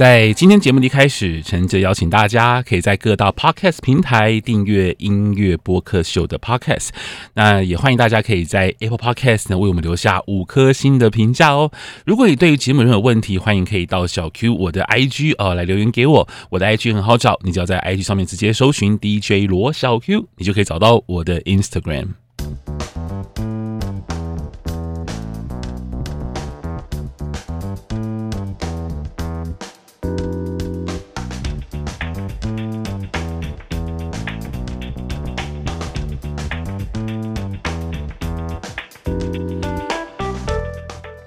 在今天節目的一開始，誠摯邀請大家可以在各大 podcast 平台訂閱音樂播客秀的 podcast。那也歡迎大家可以在 Apple podcast 呢為我們留下五顆星的評價哦。如果你對於節目中有任何問題，歡迎可以到小 Q 我的 I G 啊、哦、來留言給我，我的 I G 很好找，你只要在 I G 上面直接搜尋 DJ 羅小 Q，你就可以找到我的 Instagram。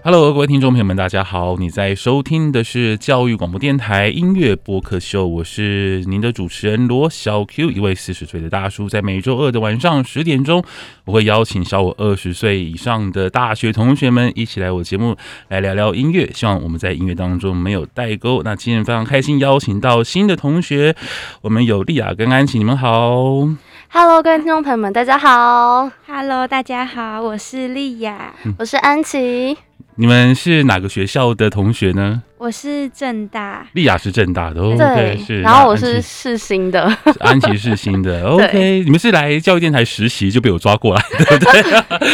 Hello，各位聽眾朋友們，大家好！你在收聽的是教育廣播電台音樂播客秀，我是您的主持人羅小 Q，一位四十歲的大叔。在每周二的晚上十點鐘，我會邀請小我二十歲以上的大學同學們一起來我節目來聊聊音樂。希望我們在音樂當中沒有代溝。那今天非常開心，邀請到新的同學，我們有立雅跟安萁，你們好。Hello，各位聽眾朋友們，大家好。Hello，大家好，我是立雅，我是安萁。你們是哪個學校的同學呢？我是政大立雅，是政大的，對，然後我是世新的，安琪世新的，OK。你們是來教育電台實習就被我抓過來，對不對？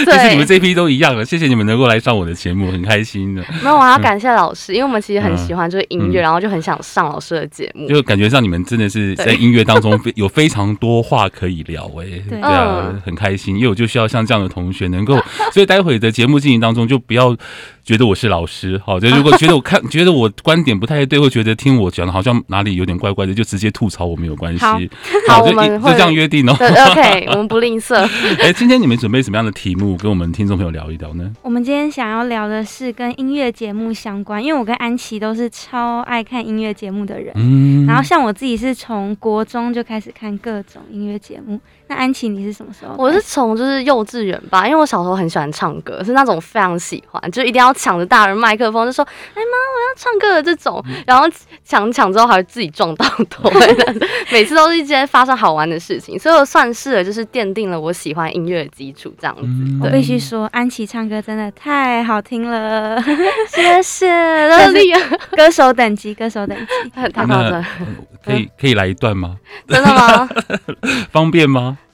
就是你們這批都一樣了。謝謝你們能夠來上我的節目，很開心的。沒有，我要感謝老師，因為我們其實很喜歡這個音樂，然後就很想上老師的節目，就感覺上你們真的是在音樂當中有非常多話可以聊誒，對啊，很開心。因為我就需要像這樣的同學能夠，所以待會的節目進行當中就不要。覺得我是老師，好，哦，就如果覺得我看 覺得我觀點不太對，或覺得聽我講的好像哪裡有點怪怪的，就直接吐槽我沒有關係，好，就這樣約定哦。對，okay，我們不吝嗇。哎、欸，今天你們準備什麼樣的題目跟我們聽眾朋友聊一聊呢？我們今天想要聊的是跟音樂節目相關，因為我跟安萁都是超愛看音樂節目的人。嗯，然後像我自己是從國中就開始看各種音樂節目。那安萁，你是什麼時候？我是從就是幼稚園吧，因為我小時候很喜歡唱歌，是那種非常喜歡，就一定要。搶着大人麥克風就說：“哎、欸、媽，我要唱歌了！”這種，然後搶搶之後還是自己撞到頭，每次都是一件發生好玩的事情，所以我算是就是奠定了我喜歡音樂的基礎這樣子。嗯、對我必須說，安萁唱歌真的太好聽了，謝謝，那 歌手等級，歌手等級，太好了，可以可以來一段嗎？嗯、真的嗎？ 方便嗎？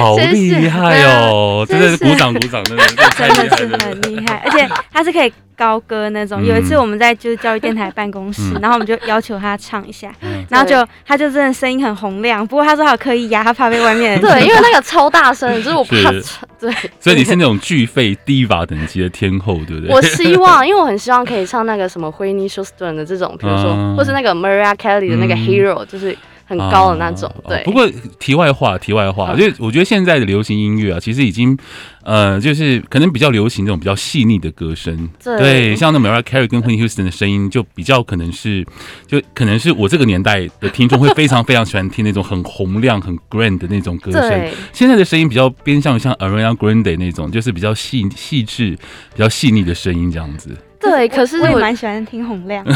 好厲害哦！真的是鼓掌鼓掌，真的是很厲害，而且他是可以高歌那種。有一次我們在就是教育電台辦公室，然後我們就要求他唱一下，然後就他就真的聲音很洪亮。不過他說他有刻意壓，他怕被外面人。對，因為那個超大聲，就是我怕對，所以你是那種巨肺 Diva 等級的天後，對不對？我希望，因為我很希望可以唱那個什麼 Whitney Houston 的這種，比如說，或是那個 Mariah Carey 的那個 Hero，就是。很高的那種，uh, uh, uh, 對。不過題外話，題外話，我覺得，我覺得現在的流行音樂啊，其實已經，呃，就是可能比較流行這種比較細膩的歌聲，對，對，像那 Mariah Carey 跟 Whitney Houston 的聲音，就比較可能是，就可能是我這個年代的聽眾會非常非常喜歡聽那種很洪亮、 很 Grand 的那種歌聲。對，現在的聲音比較偏向像，像 Ariana Grande 那種，就是比較細細緻、比較細膩的聲音這樣子。對，可是我，我，我也蠻喜歡聽洪亮， 因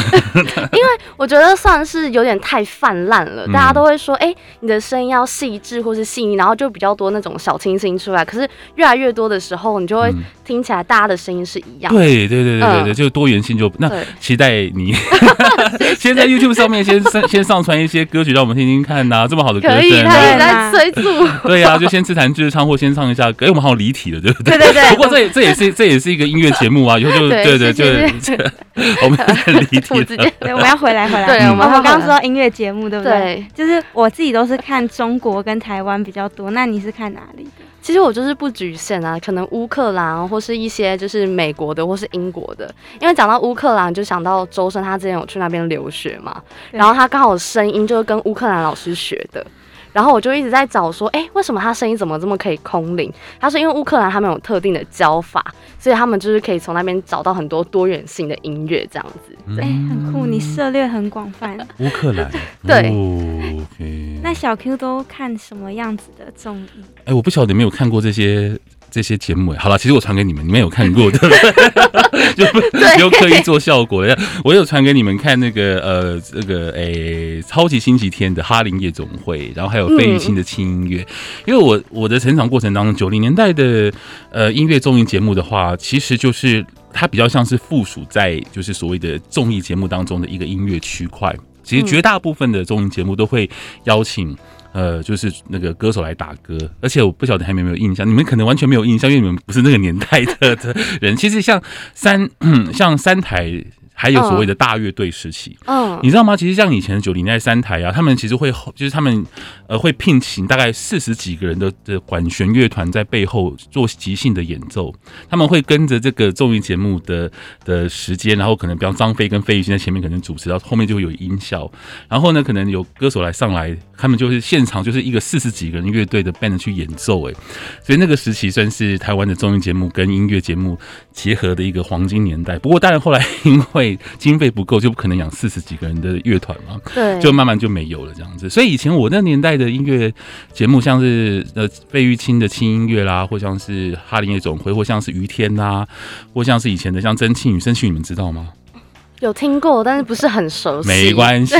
為我覺得算是有點太泛濫了。大家都會說，哎、欸，你的聲音要細緻或是細膩，然後就比較多那種小清新出來。可是越來越多的時候，你就會聽起來大家的聲音是一樣的。對對對對對，呃、就多元性就那對期待你 謝謝先在 YouTube 上面先先上傳一些歌曲，讓我們聽聽看吶、啊。這麼好的歌、啊、可以，他也在催促。對呀嗎、啊，就先自彈自唱或先唱一下歌。哎、欸，我們好像離題了，對不對？對對對。不過這也這也是這也是一個音樂節目啊， 以後就對對就。謝謝 我們對，我們要回來回來對。我們剛剛、嗯喔、說到音樂節目，對不對？對就是我自己都是看中國跟台灣比較多，那你是看哪裡的？其實我就是不局限啊，可能烏克蘭或是一些就是美國的或是英國的，因為講到烏克蘭就想到周深，他之前有去那邊留學嘛，然後他剛好聲音就是跟烏克蘭老師學的。然後我就一直在找，說，哎、欸，為什麼他聲音怎麼這麼可以空靈？他說，因為烏克蘭他們有特定的教法，所以他們就是可以從那邊找到很多多元性的音樂，這樣子。哎、嗯欸，很酷，你涉獵很廣泛。烏克蘭，嗯、對。Okay 那小 Q 都看什麼樣子的綜藝？哎、欸，我不曉得，你沒有看過這些。這些節目、欸好了，其實我傳給你們，你們有看過對不對？ 就不用刻意做效果的，對 我有傳給你們看那個呃，那、這個哎、欸，超級星期天的哈林夜總會，然後還有費玉清的輕音樂，嗯、因為我我的成長過程當中，九零年代的呃音樂綜藝節目的話，其實就是它比較像是附屬在就是所謂的綜藝節目當中的一個音樂區塊，其實絕大部分的綜藝節目都會邀請。呃，就是那個歌手來打歌，而且我不曉得還有沒有印象，你們可能完全沒有印象，因為你們不是那個年代的的人。 其實像三，像三台。還有所謂的大樂隊時期，嗯，嗯，你知道嗎？其實像以前的九零年代三台啊，他們其實會，就是他們呃會聘請大概四十幾個人的的管弦樂團在背後做即興的演奏，他們會跟着這個綜藝節目的的時間，然後可能，比方張菲跟費玉清在前面可能主持，到後，後面就會有音效，然後呢，可能有歌手來上來，他們就是現場就是一個四十幾個人樂隊的 band 去演奏，欸、哎，所以那個時期算是台灣的綜藝節目跟音樂節目結合的一個黃金年代。不過，當然後來因為經費不夠，就不可能養四十幾個人的樂團嘛。對，就慢慢就沒有了這樣子。所以以前我那年代的音樂節目，像是呃費玉清的輕音樂啦，或像是哈林夜總會，或像是於天吶，或像是以前的像曾慶瑜、曾慶瑜，你們知道嗎？有聽過，但是不是很熟悉。沒關係，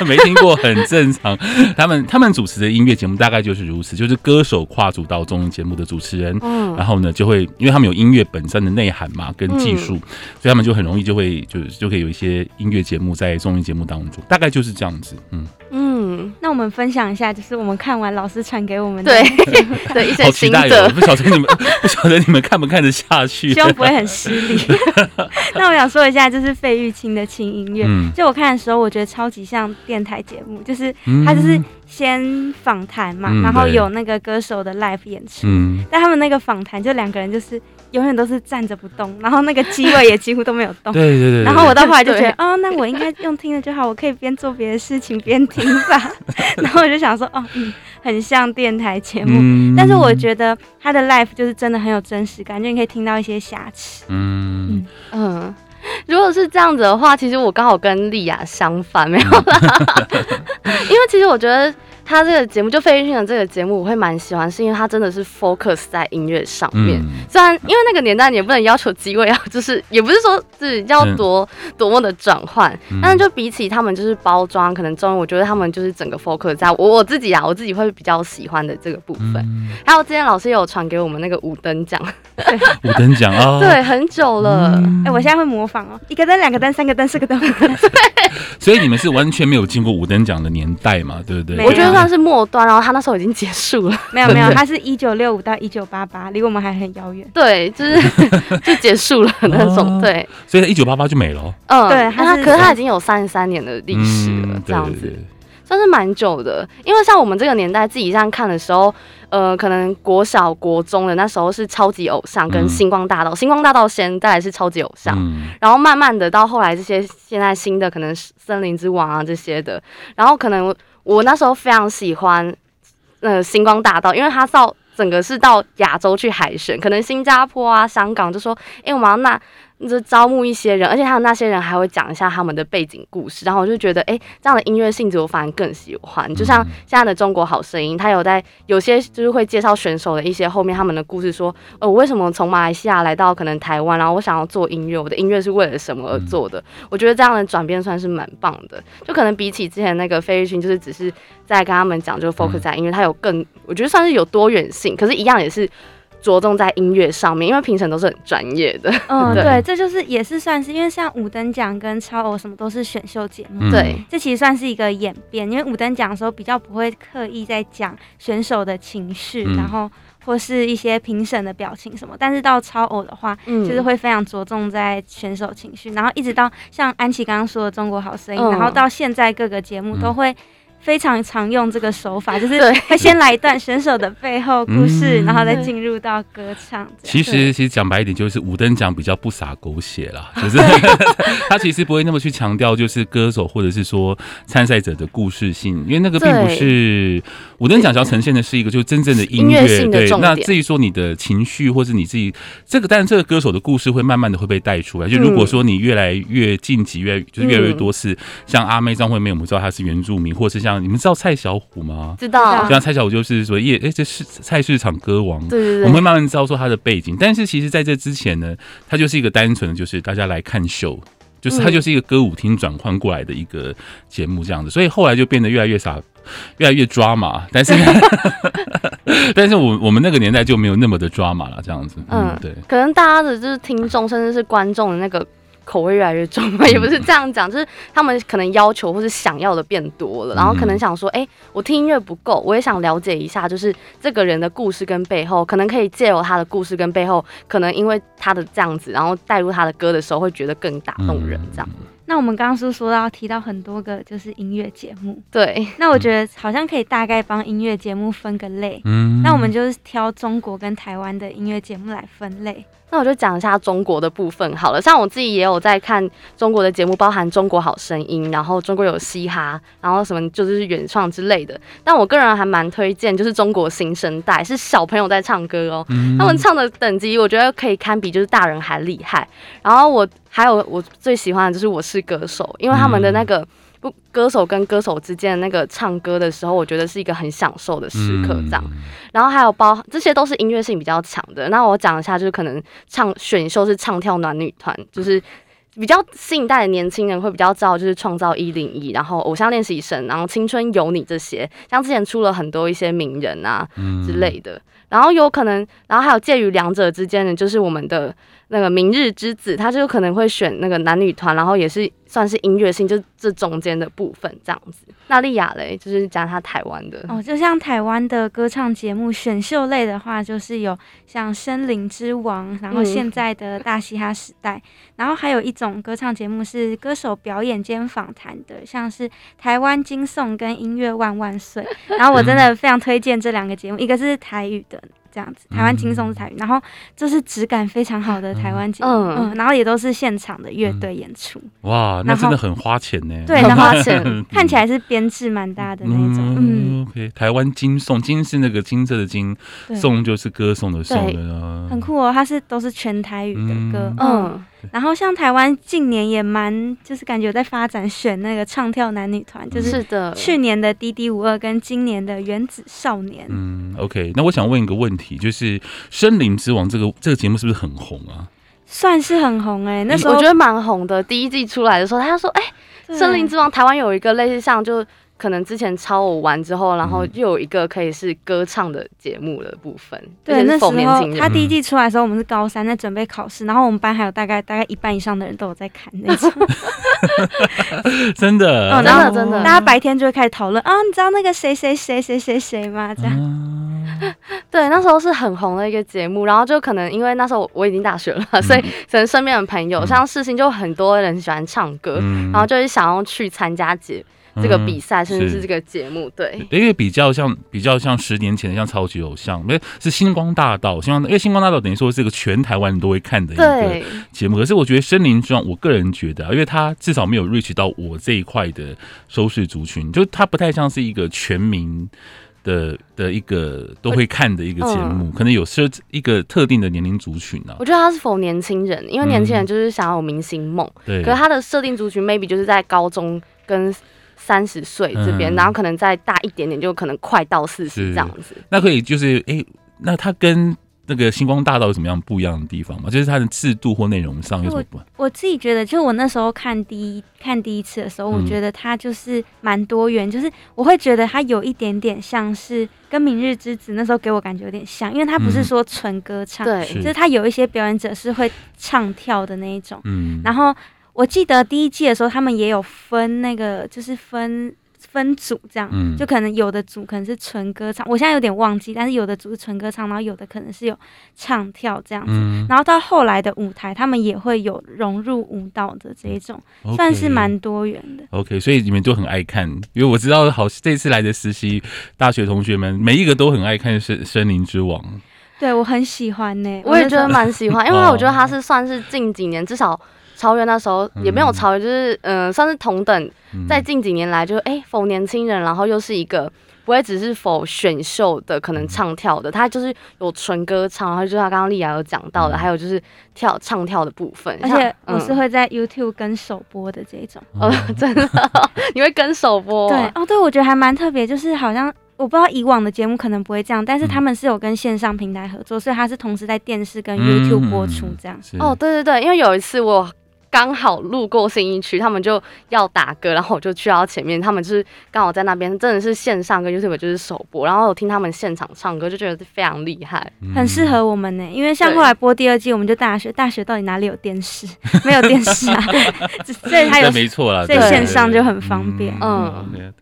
對 沒聽過很正常。 他們他們主持的音樂節目大概就是如此，就是歌手跨足到綜藝節目的主持人，嗯、然後呢就會，因為他們有音樂本身的內涵嘛，跟技術，嗯、所以他們就很容易就會就就可以有一些音樂節目在綜藝節目當中，大概就是這樣子。嗯嗯。那我們分享一下，就是我們看完老師傳給我們的對對，節目的一些心得，好期待呀！哦！不曉得你們 不曉得你們看不看得下去，希望不會很失禮。 那我想說一下，就是費玉清的輕音樂，嗯、就我看的時候，我覺得超級像電台節目，就是他就是、嗯。先訪談嘛，然後有那個歌手的 live 演出。嗯、但他們那個訪談就兩個人就是永遠都是站着不動，然後那個機位也幾乎都沒有動。 對對對，對。然後我到後來就覺得，對 哦，那我應該用聽的就好，我可以邊做別的事情邊聽吧。 然後我就想說，哦，嗯，很像電台節目，嗯、但是我覺得他的 live 就是真的很有真實感，就你可以聽到一些瑕疵。嗯嗯。嗯呃如果是這樣子的話，其實我剛好跟立雅相反，沒有啦， 因為其實我覺得。他這個節目，就費玉清的這個節目，我會蠻喜歡，是因為他真的是 focus 在音樂上面。嗯、雖然因為那個年代你也不能要求機位啊，就是也不是說自己要多、嗯、多麼的轉換，嗯、但是就比起他們就是包裝可能重，我覺得他們就是整個 focus 在我我自己啊，我自己會比較喜歡的這個部分。嗯、還有之前老師有傳給我們那個五燈獎，五燈獎啊，對，很久了。哎、嗯欸，我現在會模仿哦，一個燈，兩個燈，三個燈，四個燈，對所以你們是完全沒有進過五燈獎的年代嘛？對不對，對？我覺得有。就是算是末端，喔，然後他那時候已經結束了。沒有沒有，他是一九六五到一九八八，離我們還很遙遠。對，就是就 結束了那種。對，啊、所以一九八八就沒了，喔。嗯，對、對、對。他可是他已經有三十三年的歷史了，這樣子算是蠻久的。因為像我們這個年代自己這樣看的時候，呃，可能國小國中的那時候是超級偶像，嗯、跟星光大道、星光大道先、再來是超級偶像，嗯、然後慢慢的到後來這些現在新的，可能聲林之王啊這些的，然後可能。我那時候非常喜歡，呃，《星光大道》，因為它到整個是到亞洲去海選，可能新加坡啊、香港就說，誒、欸，我們要那。就招募一些人，而且他們那些人還會講一下他們的背景故事，然後我就覺得，誒、欸，這樣的音樂性質我反而更喜歡。嗯嗯就像現在的《中國好聲音》，他有在有些就是會介紹選手的一些後面他們的故事，說，呃，我為什麼從馬來西亞來到可能台灣，然後我想要做音樂，我的音樂是為了什麼而做的？嗯、我覺得這樣的轉變算是蠻棒的，就可能比起之前那個飛越群，就是只是在跟他們講就 focus 在音樂，因為它有更，我覺得算是有多元性，可是，一樣也是。着重在音樂上面，因為評審都是很專業的。嗯，對，這就是也是算是，因為像五燈獎跟超偶什麼都是選秀節目，對、嗯，這其實算是一個演變。因為五燈獎的時候比較不會刻意在講選手的情緒，嗯、然後或是一些評審的表情什麼，但是到超偶的話，嗯、就是會非常着重在選手情緒，然後一直到像安萁剛剛說的中國好聲音，嗯、然後到現在各個節目都會。非常常用這個手法，就是他先來一段選手的背後故事，對然後再進入到歌唱。嗯、樣其實，其實講白一點，就是五燈獎比較不灑狗血啦，就是他 其實不會那麼去強調，就是歌手或者是說參賽者的故事性，因為那個並不是五燈獎只要呈現的是一個就是真正的音樂對。那至於說你的情緒或是你自己這個，但是這個歌手的故事會慢慢的會被帶出來。就如果說你越來越晉級，越就是越來越多次、嗯、像阿妹、張惠妹，我們知道他是原住民，或是像。這樣，你們知道蔡小虎嗎？知道、啊。像蔡小虎就是說夜哎，這、欸就是菜市場歌王。對，對，對。我們會慢慢知道說他的背景，但是其實在這之前呢，他就是一個單純的，就是大家來看秀，就是他就是一個歌舞廳轉換過來的一個節目這樣子。所以後來就變得越來越傻，越來越抓馬。但是， 但是我們我們那個年代就沒有那麼的抓馬了，這樣子。嗯，嗯對。可能大家的就是聽眾，甚至是觀眾的那個。口味越來越重嘛，也不是這樣講，就是他們可能要求或是想要的變多了，然後可能想說，哎、欸，我聽音樂不夠，我也想了解一下，就是這個人的故事跟背後，可能可以借由他的故事跟背後，可能因為他的這樣子，然後帶入他的歌的時候，會覺得更打動人，這樣。那我們剛剛是說到提到很多個就是音樂節目，對。那我覺得好像可以大概幫音樂節目分個類。嗯。那我們就是挑中國跟台灣的音樂節目來分類。那我就講一下中國的部分好了。像我自己也有在看中國的節目，包含中國好聲音，然後中國有嘻哈，然後什麼就是原創之類的。但我個人還蠻推薦就是中國新生代，是小朋友在唱歌哦。嗯，那他們唱的等級，我覺得可以堪比就是大人還厲害。然後我。還有我最喜歡的就是我是歌手，因為他們的那個不歌手跟歌手之間的那個唱歌的時候，我覺得是一個很享受的時刻。這樣，嗯、然後還有包這些都是音樂性比較強的。那我講一下，就是可能唱選秀是唱跳男女團，就是比較新一代的年輕人會比較知道，就是創造一零一，然後偶像練習生，然後青春有你這些，像之前出了很多一些名人啊之類的。嗯然後有可能，然後還有介於兩者之間的，就是我們的那個明日之子，他就可能會選那個男女團，然後也是。算是音樂性，就這中間的部分這樣子。那立雅咧就是講她台灣的哦，就像台灣的歌唱節目，選秀類的話，就是有像《聲林之王》，然後現在的大嘻哈時代，嗯、然後還有一種歌唱節目是歌手表演兼訪談的，像是《台灣金頌》跟《音樂萬萬歲》。然後我真的非常推薦這兩個節目，嗯、一個是台語的。這樣子，台灣金頌是台語，嗯、然後就是質感非常好的台灣金頌嗯，嗯，嗯，然後也都是現場的樂隊演出。嗯、哇，後那真的很花錢呢、欸。對，很花錢，看起來是編制蠻大的那種。嗯，嗯，嗯，OK，台灣金頌，金是那個金色的金，頌對就是歌頌的頌、啊，對，很酷哦。它是都是全台語的歌，嗯。嗯嗯然後像台灣近年也蠻，就是感覺在發展選那個唱跳男女團，就是去年的《D D 五二》跟今年的《原子少年》嗯。嗯，OK，那我想問一個問題，就是《聲林之王》這個這個節目是不是很紅啊？算是很紅哎、欸，那時候我覺得蠻紅的。第一季出來的時候，他就說：“哎、欸，對《聲林之王》台灣有一個類似像就。”可能之前超我完之後，然後又有一個可以是歌唱的節目的部分。對、嗯、那時候，嗯、他第一季出來的時候，我們是高三在準備考試，然後我們班還有大概大概一半以上的人都有在看那種。 真的，真的、哦、真的，哦、大家白天就會開始討論啊，你知道那個誰誰誰誰誰誰嗎？這樣。嗯、對，那時候是很紅的一個節目，然後就可能因為那時候我我已經大學了，所以可能身邊的朋友、嗯、像世新就很多人喜歡唱歌，嗯、然後就是想要去參加節。嗯、這個比賽，甚至是這個節目，是對，因為比較像，比較像十年前的像超級偶像，為是星光，星光大道，因為星光大道等於說是一個全台灣人都會看的一個節目。對可是我覺得《聲林之王》，我個人覺得、啊，因為它至少沒有 reach 到我這一塊的收視族群，就它不太像是一個全民的的一個都會看的一個節目，嗯、可能有設一個特定的年齡族群、啊、我覺得它是 for 年輕人，因為年輕人就是想要有明星夢、嗯，對。可是它的設定族群 maybe 就是在高中跟三十歲這邊，嗯、然後可能再大一點點，就可能快到四十這樣子。那可以就是，哎、欸，那它跟那個星光大道有什麼樣不一樣的地方嗎？就是它的制度或內容上有什麼不一樣？我，我自己覺得，就我那時候看第一看第一次的時候，我覺得他就是蠻多元，嗯、就是我會覺得他有一點點像是跟《明日之子》那時候給我感覺有點像，因為他不是說純歌唱，對，嗯、就是他有一些表演者是會唱跳的那一種，嗯，然後。我記得第一季的時候，他們也有分那個，就是分分組這樣，嗯、就可能有的組可能是純歌唱，我現在有點忘記，但是有的組是純歌唱，然後有的可能是有唱跳這樣子，嗯、然後到後來的舞台，他們也會有融入舞蹈的這一種，okay, 算是蠻多元的。OK，所以你們都很愛看，因為我知道好這次來的實習大學同學們每一個都很愛看《聲、聲林之王》。對，我很喜歡呢、欸，我，我也覺得蠻喜歡， 因為我覺得他是算是近幾年、哦、至少。超越那時候也沒有超越，就是嗯，算是同等。在近幾年來就，就是哎，否年輕人，然後又是一個不會只是否選秀的，可能唱跳的，他就是有純歌唱，然後就像剛剛立雅有講到的，嗯、還有就是跳唱跳的部分。而且我是會在 YouTube 跟首播的這一種，哦、嗯，嗯、真的 你會跟首播、啊？對，哦，對，我覺得還蠻特別，就是好像我不知道以往的節目可能不會這樣，但是他們是有跟線上平台合作，所以他是同時在電視跟 YouTube 播出這樣。嗯、哦，對對對，因為有一次我。剛好路過信義區，他們就要打歌，然後我就去到前面，他們就是剛好在那邊，真的是線上跟 YouTube 就是首播，然後我聽他們現場唱歌，就覺得非常厲害，嗯、很適合我們呢、欸。因為像後來播第二季，對我們就大學，大學到底哪裡有電視？沒有電視啊，這 還有沒錯啦，所以對對線上就很方便。對對對嗯，嗯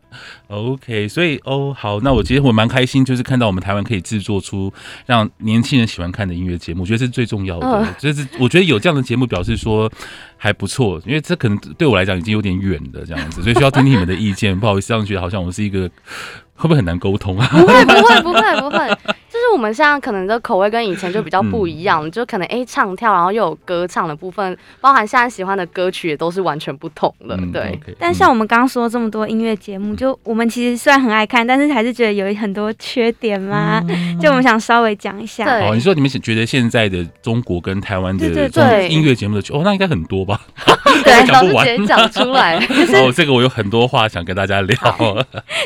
okay.，OK，所以哦，oh, 好，那我其實我蠻開心，就是看到我們台灣可以制作出讓年輕人喜歡看的音樂節目，我覺得是最重要的。呃、就是我覺得有這樣的節目，表示說。還不錯，因為這可能對我來講已經有點遠的這樣子，所以需要聽聽你們的意見。不好意思，這樣覺得好像我是一個會不會很難溝通啊？ 不會，不會，不會，不會。就我們現在可能的口味跟以前就比較不一樣，嗯、就可能哎、欸、唱跳，然後又有歌唱的部分，包含現在喜歡的歌曲也都是完全不同的，嗯、對。但像我們剛剛說這麼多音樂節目，嗯、就我們其實雖然很愛看，但是還是覺得有很多缺點嘛。嗯、就我們想稍微講一下。對、哦，你說你們覺得現在的中國跟台灣的對對對對音樂節目的缺，哦，那應該很多吧？對，講 不，不完，老師直接講出來、就是。哦，這個我有很多話想跟大家聊。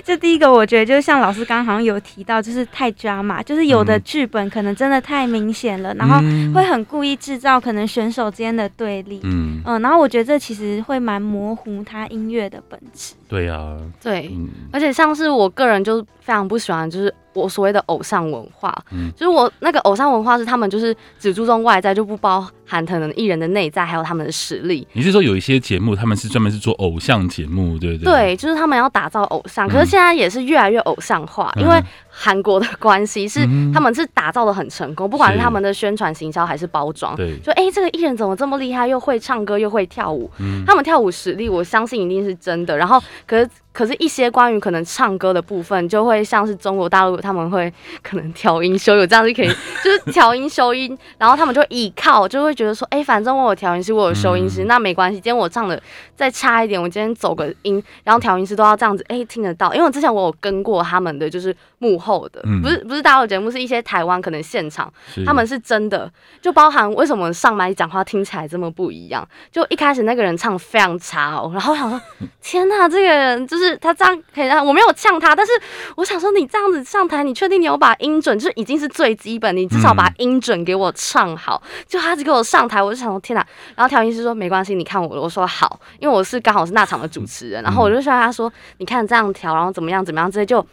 就第一個，我覺得就像老師剛剛好像有提到，就是太抓馬，就是。有的劇本可能真的太明顯了，嗯、然後會很故意制造可能選手之間的對立，嗯、嗯，然後我覺得這其實會蠻模糊他音樂的本質。對啊，對，嗯、而且像是我個人就非常不喜歡，就是。我所謂的偶像文化，嗯，就是我那個偶像文化是他們就是只注重外在，就不包含可能藝人的內在還有他們的實力。你是說有一些節目他們是專門是做偶像節目，對不對，對？對，就是他們要打造偶像，嗯、可是現在也是越來越偶像化，嗯、因為韓國的關係是、嗯、他們是打造得很成功，不管是他們的宣傳行銷還是包裝，對，就哎、欸、這個藝人怎麼這麼厲害，又會唱歌又會跳舞，嗯、他們跳舞實力我相信一定是真的。然後可是。可是，一些關於可能唱歌的部分，就會像是中國大陸他們會可能調音修有這樣就可以，就是調音修音，然後他們就依靠，就會覺得說，哎，反正我有調音師，我有修音師，嗯、那沒關係。今天我唱的再差一點，我今天走個音，然後調音師都要這樣子，哎，聽得到。因為我之前我有跟過他們的，就是幕後的，不是不是大陸節目，是一些台灣可能現場，他們是真的，就包含為什麼上麥講話聽起來這麼不一樣。就一開始那個人唱非常差哦、喔，然後我想說，天吶，這個人就是。是，他這樣可以讓我沒有嗆他，但是我想說，你這樣子上台，你確定你有把音準，就是、已經是最基本，你至少把音準給我唱好。嗯、就他只給我上台，我就想說天哪、啊，然後調音師說沒關係，你看我，我說好，因為我是剛好是那場的主持人，嗯、然後我就希望他說，你看這樣調，然後怎麼樣怎麼樣，之類，就。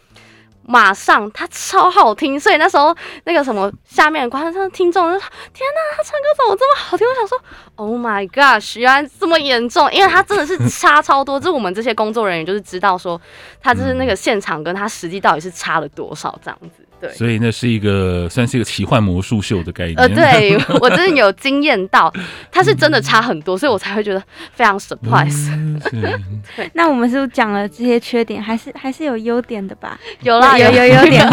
馬上，他超好聽，所以那時候那個什麼下面觀眾聽眾就“天吶、啊，他唱歌怎麼這麼好聽？”我想說：“Oh my god！” 原來這麼嚴重，因為他真的是差超多， 就是我們這些工作人員就是知道說，他就是那個現場跟他實際到底是差了多少這樣子。對，所以那是一個算是一個奇幻魔術秀的概念。呃，對，我真的有驚豔到，他是真的差很多，所以我才會覺得非常 surprise。對，那我們是不是講了這些缺點，還是還是有優點的吧？有啦，有有優點。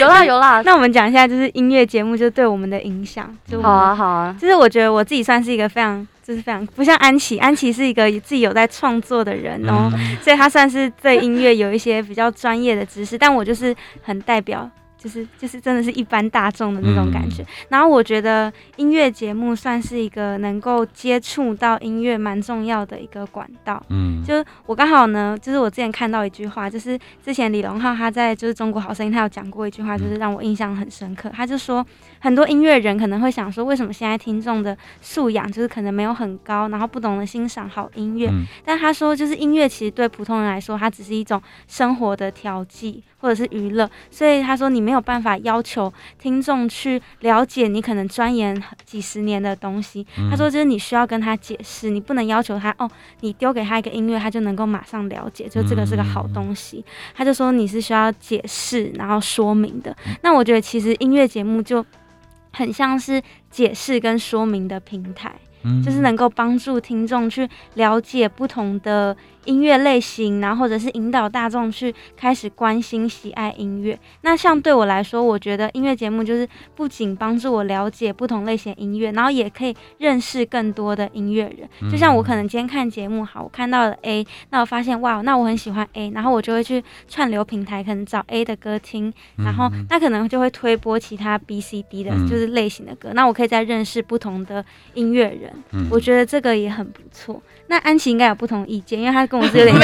有啦有啦。那我們講一下，就是音樂節目就對我們的影響。好啊好啊，就是我覺得我自己算是一個非常就是非常不像安琪，安琪是一個自己有在創作的人哦，所以他算是對音樂有一些比較專業的知識，但我就是很代表。就是就是真的是一般大眾的那種感覺，嗯、然後我覺得音樂節目算是一個能夠接觸到音樂蠻重要的一個管道，嗯，就我剛好呢，就是我之前看到一句話，就是之前李榮浩他在就是中國好聲音，他有講過一句話，就是讓我印象很深刻，嗯、他就說，很多音樂人可能會想說，為什麼現在聽眾的素養就是可能沒有很高，然後不懂得欣賞好音樂。嗯、但他說，就是音樂其實對普通人來說，它只是一種生活的調劑或者是娛樂。所以他說，你沒有辦法要求聽眾去了解你可能鑽研幾十年的東西。嗯、他說，就是你需要跟他解釋，你不能要求他哦，你丟給他一個音樂，他就能夠馬上了解，就這個是個好東西。嗯、他就說，你是需要解釋然後說明的。嗯、那我覺得其實音樂節目就。很像是解釋跟說明的平台，嗯、就是能夠幫助聽眾去了解不同的音樂類型，然後或者是引導大眾去開始關心、喜愛音樂。那像對我來說，我覺得音樂節目就是不僅幫助我了解不同類型的音樂，然後也可以認識更多的音樂人。就像我可能今天看節目好，我看到了 A，那我發現哇哦，那我很喜歡 A，然後我就會去串流平台可能找 A 的歌聽，然後那可能就會推播其他 B、C、D 的就是類型的歌，那我可以再認識不同的音樂人。我覺得這個也很不錯。那安萁應該有不同的意見，因為她跟我是有點不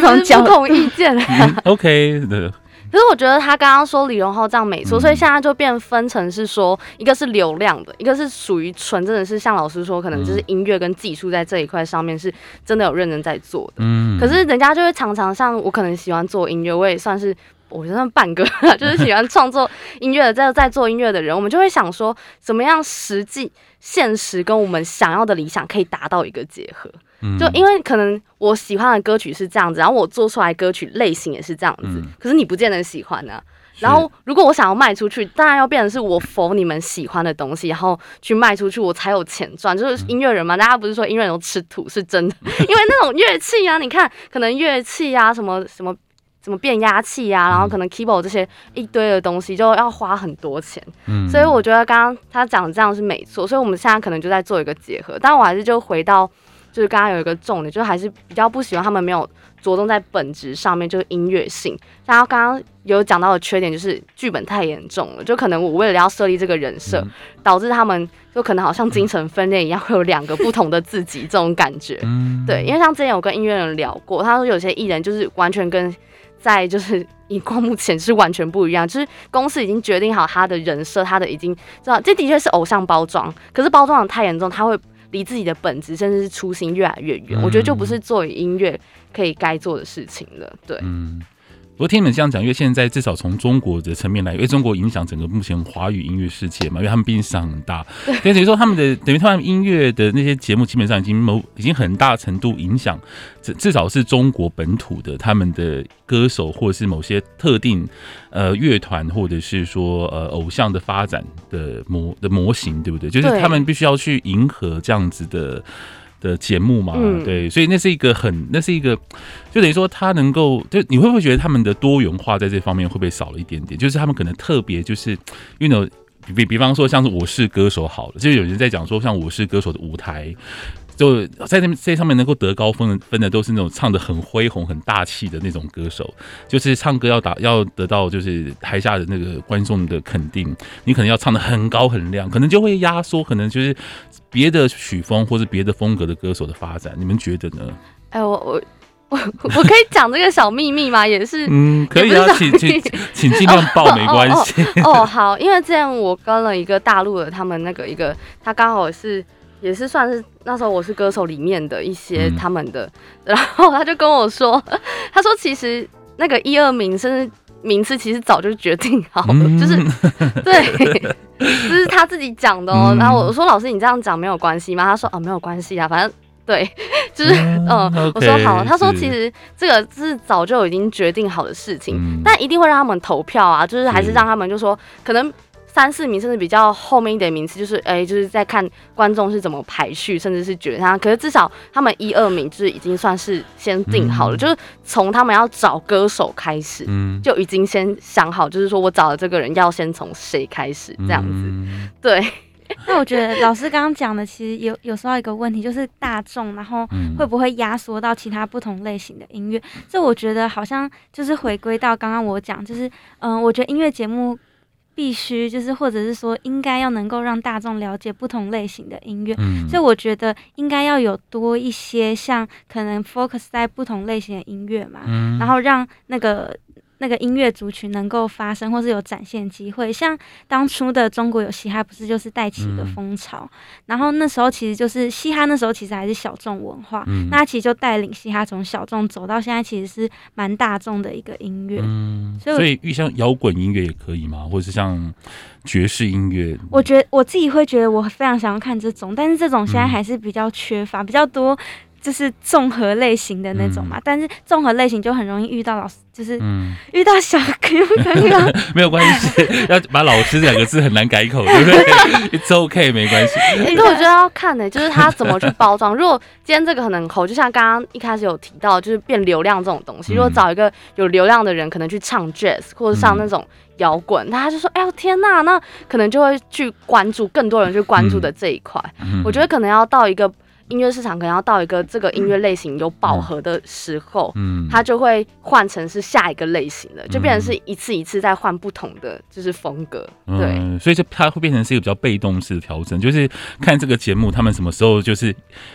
同不同意見 OK，對、 嗯。可是我覺得她剛剛說李榮浩這樣沒錯，嗯、所以現在就變分成是說，一個是流量的，嗯、一個是屬於純真的是像老師說，可能就是音樂跟技術在這一塊上面是真的有認真在做的。嗯、可是人家就會常常像我可能喜歡做音樂，我也算是我覺得算半個，就是喜歡創作音樂的，在在做音樂的人，嗯、我們就會想說，怎麼樣實際現實跟我們想要的理想可以達到一個結合。就因為可能我喜歡的歌曲是這樣子，然後我做出來歌曲類型也是這樣子，可是你不見得喜歡呢、啊。然後如果我想要賣出去，當然要變成是我否你們喜歡的東西，然後去賣出去，我才有錢賺。就是音樂人嘛，大家不是說音樂人都吃土是真的，因為那種樂器啊，你看可能樂器啊，什麼什麼什麼變壓器啊，然後可能 keyboard 這些一堆的東西就要花很多錢。所以我覺得剛剛他講的這樣是沒錯，所以我們現在可能就在做一個結合，但我還是就回到。就是剛剛有一個重點，就還是比較不喜歡他們沒有着重在本質上面，就是音樂性。然後剛剛有講到的缺點就是劇本太嚴重了，就可能我為了要設立這個人設，嗯、導致他們就可能好像精神分裂一樣，會、嗯、有兩個不同的自己這種感覺。嗯、對，因為像之前有跟音樂人聊過，他說有些藝人就是完全跟在就是熒光幕前是完全不一樣，就是公司已經決定好他的人設，他的已經知道這的確是偶像包裝，可是包裝的太嚴重，他會。離自己的本職，甚至是初心越來越遠，嗯、我覺得就不是做音樂可以該做的事情了，對。嗯我聽你們這樣講，因為現在至少從中國的層面來，因為中國影響整個目前華語音樂世界嘛，因為他們畢竟市場很大。所以 等於說他們的，等於他們音樂的那些節目，基本上已經某已經很大程度影響，至至少是中國本土的他們的歌手或者是某些特定呃樂團，或者是說呃偶像的發展的模的模型，對不對？就是他們必須要去迎合這樣子的。的節目嘛，嗯、對，所以那是一個很，那是一個，就等於說他能夠，就你會不會覺得他們的多元化在這方面會不會少了一點點？就是他們可能特別就是，you know, 比比方說像是《我是歌手》好了，就有人在講說像《我是歌手》的舞台。就在那這上面能夠得高分的，分的都是那種唱的很恢宏很大氣的那種歌手，就是唱歌要打要得到就是台下的那個觀眾的肯定，你可能要唱的很高很亮，可能就會壓縮，可能就是別的曲風或是別的風格的歌手的發展，你們覺得呢？哎、欸，我我我我可以講這個小秘密嗎？ 也是，嗯，可以啊，請請請盡量報，哦、沒關係、哦。哦，哦好，因為這樣我跟了一個大陸的，他們那個一個，他剛好是。也是算是那時候我是歌手裡面的一些他們的，嗯、然後他就跟我說，他說其實那個一二名甚至名次其實早就決定好了，嗯、就是對， 這是他自己講的。哦。嗯、然後我說，老師你這樣講沒有關係嗎？他說啊沒有關係啊，反正對，就是嗯，嗯 okay, 我說好，他說其實這個是早就已經決定好的事情，嗯、但一定會讓他們投票啊，就是還是讓他們就說、嗯、可能。三四名甚至比較後面一點名次，就是哎、欸，就是在看觀眾是怎麼排序，甚至是覺得他。可是至少他們一二名就是已經算是先定好了，嗯、就是從他們要找歌手開始，嗯、就已經先想好，就是說我找的這個人要先從誰開始這樣子。嗯、對。那我覺得老師剛剛講的，其實有有時候一個問題，就是大眾然後會不會壓縮到其他不同類型的音樂？這我覺得好像就是回歸到剛剛我講，就是嗯、呃，我覺得音樂節目。必須就是，或者是說，應該要能夠讓大眾了解不同類型的音樂，嗯，所以我覺得應該要有多一些像可能 focus 在不同類型的音樂嘛，嗯，然後讓那個。那個音樂族群能夠發聲，或是有展現機會，像當初的中國有嘻哈，不是就是帶起一個風潮。嗯、然後那時候其實就是嘻哈，那時候其實還是小眾文化，嗯、那其實就帶領嘻哈從小眾走到現在，其實是蠻大眾的一個音樂，嗯。所以，遇上像搖滾音樂也可以嗎？或者是像爵士音樂？我覺得我自己會覺得我非常想要看這種，但是這種現在還是比較缺乏，嗯、比較多。就是綜合類型的那種嘛，但是綜合類型就很容易遇到老師，就是遇到小 Q。剛剛沒有關係，要把老師兩個字很難改口，對不對？It's OK 沒關係。但是我覺得要看呢，就是他怎麼去包裝。如果今天這個很能口，就像剛剛一開始有提到，就是變流量這種東西。如果找一個有流量的人，可能去唱 jazz 或者上那種搖滾，他就說，哎呦天吶，那可能就會去關注更多人去關注的這一塊。我覺得可能要到一個。音樂市場可能要到一個這個音樂類型有飽和的時候，嗯，嗯，它就會換成是下一個類型的，就變成是一次一次再換不同的就是風格，嗯、對，所以就它會變成是一個比較被動式的調整，就是看這個節目他們什麼時候就是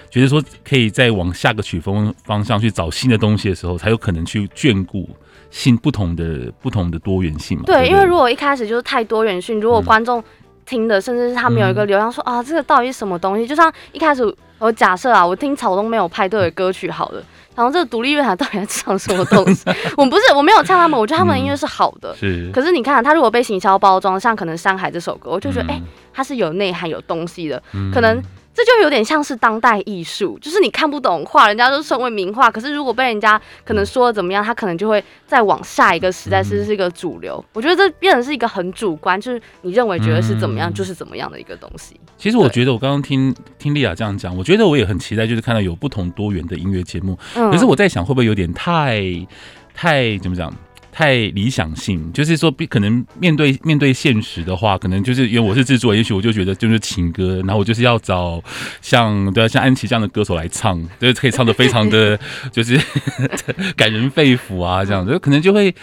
覺得說可以再往下個曲風方向去找新的東西的時候，才有可能去眷顧新不同的不同的多元性嘛。對，的因為如果一開始就是太多元性，如果觀眾聽的甚至是他們有一個流量說，嗯、啊，這個到底是什麼東西？就像一開始。我假設啊，我聽草東沒有派對的歌曲，好的，然後這個獨立樂團到底在唱什麼東西？ 我不是，我沒有唱他們，我覺得他們的音樂是好的。嗯、是，可是你看，他如果被行銷包裝，像可能《山海》這首歌，我就覺得，哎、嗯，它、欸、是有內涵、有東西的，嗯、可能。這就有點像是當代藝術，就是你看不懂畫，人家都稱為名畫。可是如果被人家可能說的怎麼樣，他可能就會再往下一個時代，是、嗯、是一個主流。我覺得這變成是一個很主觀，就是你認為覺得是怎麼樣，嗯、就是怎麼樣的一個東西。其實我覺得，我剛剛聽對聽立雅這樣講，我覺得我也很期待，就是看到有不同多元的音樂節目。嗯、可是我在想，會不會有點太太怎麼講？太理想性，就是說，可能面對面對現實的話，可能就是因為我是製作，也許我就覺得就是情歌，然後我就是要找像對啊像安萁這樣的歌手來唱，就是可以唱得非常的， 就是呵呵感人肺腑啊，這樣子可能就會。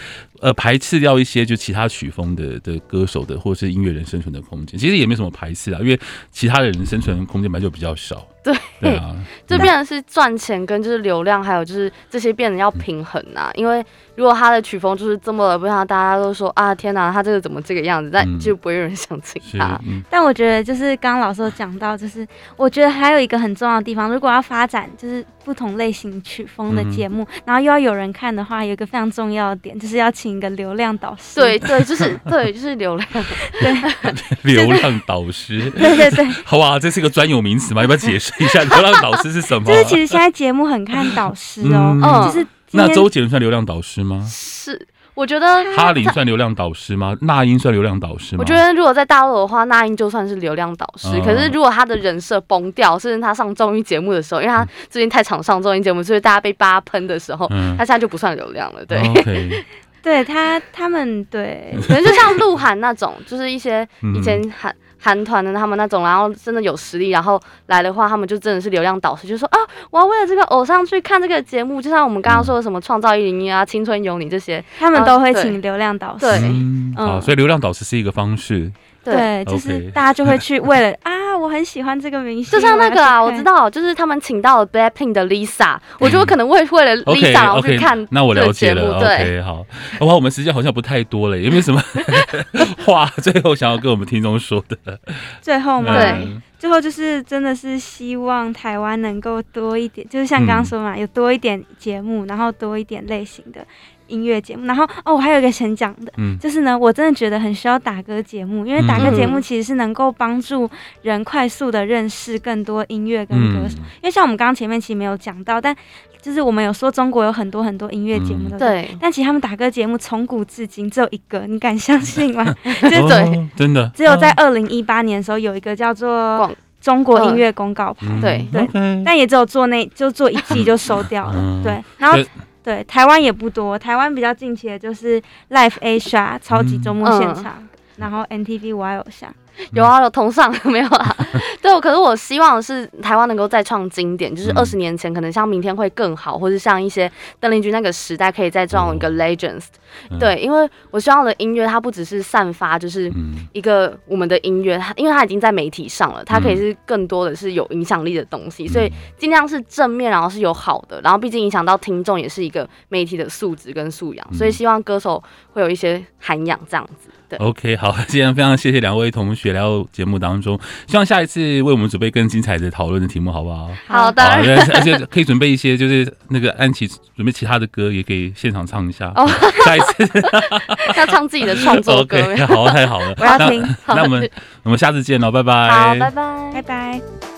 呃，排斥掉一些就其他曲風的的歌手的，或者是音樂人生存的空間，其實也沒什麼排斥啊，因為其他的人生存空間本來就比較少。對，對啊、就變成是賺錢跟就是流量，嗯、還有就是這些變得要平衡吶、啊。嗯、因為如果他的曲風就是這麼不，不像大家都說啊，天哪，他這個怎麼這個樣子，嗯、但就不會有人想請他。嗯、但我覺得就是剛剛老師有講到，就是我覺得還有一個很重要的地方，如果要發展就是。不同類型曲風的節目，嗯、然後又要有人看的話，有一個非常重要的點，就是要請一個流量導師。對對，就是對，就是流量， 對， 流量導師，對對 對，對對。好吧、啊，這是一個專有名詞嘛？ 要不要解釋一下流量導師是什麼？就是其實現在節目很看導師哦， 嗯、就是、嗯、那周杰倫算流量導師嗎？是。我覺得，哈林算流量導師嗎？那英算流量導師嗎？我覺得，如果在大陸的話，那英就算是流量導師。嗯、可是，如果他的人設崩掉，甚至他上綜藝節目的時候，因為他最近太常上綜藝節目，所以大家被扒噴的時候，嗯、他現在就不算流量了。對，Okay 對他，他們對，可能就像鹿晗那種，就是一些以前喊、嗯韓團的他們那種，然後真的有實力，然後來的話，他們就真的是流量導師，就說啊，我要為了這個偶像去看這個節目，就像我們剛剛說的什麼《創造一零一》啊，《青春有你》這些，他們都會請流量導師，啊，對，對，嗯，啊，所以流量導師是一個方式。嗯對，就是大家就會去為了啊，我很喜歡這個明星，就像那個啊，我知道，就是他們請到了 Blackpink 的 Lisa，我就可能會為了 Lisa 去看。那我了解了，對，好。好。不好？我們時間好像不太多了，有沒有什麼話最後想要跟我們聽眾說的？最後嗎？對，最後就是真的是希望台灣能夠多一點，就是像剛剛說嘛，有多一點節目，然後多一點類型的。音樂節目，然後哦，我還有一個想講的，嗯、就是呢，我真的覺得很需要打歌節目，因為打歌節目其實是能夠幫助人快速的認識更多音樂跟歌手。嗯、因為像我們剛剛前面其實沒有講到，但就是我們有說中國有很多很多音樂節目的、嗯，對。但其實他們打歌節目從古至今只有一個，你敢相信嗎？ 對、哦，真的。哦、只有在二零一八年的時候有一個叫做《中國音樂公告牌》哦、嗯，對對，okay 但也只有做那就做一季就收掉了，嗯、對。然後。對，台灣也不多。台灣比較近期的就是 Live Asia、嗯、超級週末現場，嗯、然後 MTV 我偶像。有啊，有同上沒有啊？對，可是我希望是台灣能夠再創經典， 就是二十年前可能像明天會更好，或是像一些鄧麗君那個時代可以再創一個 Legends。對，因為我希望我的音樂它不只是散發，就是一個我們的音樂，它因為它已經在媒體上了，它可以是更多的是有影響力的東西，所以盡量是正面，然後是有好的，然後畢竟影響到聽眾也是一個媒體的素質跟素養，所以希望歌手會有一些涵養這樣子。對，OK，好，既然非常謝謝兩位同學。雪聊節目當中，希望下一次為我們準備更精彩的討論的題目，好不好？好的好、啊，而且可以準備一些，就是那個安萁準備其他的歌，也可以現場唱一下。哦，下一次 要唱自己的創作的歌，okay, 好，太好了，我要聽。那，的那我們，我們下次見了，拜拜。拜拜，拜拜。拜拜。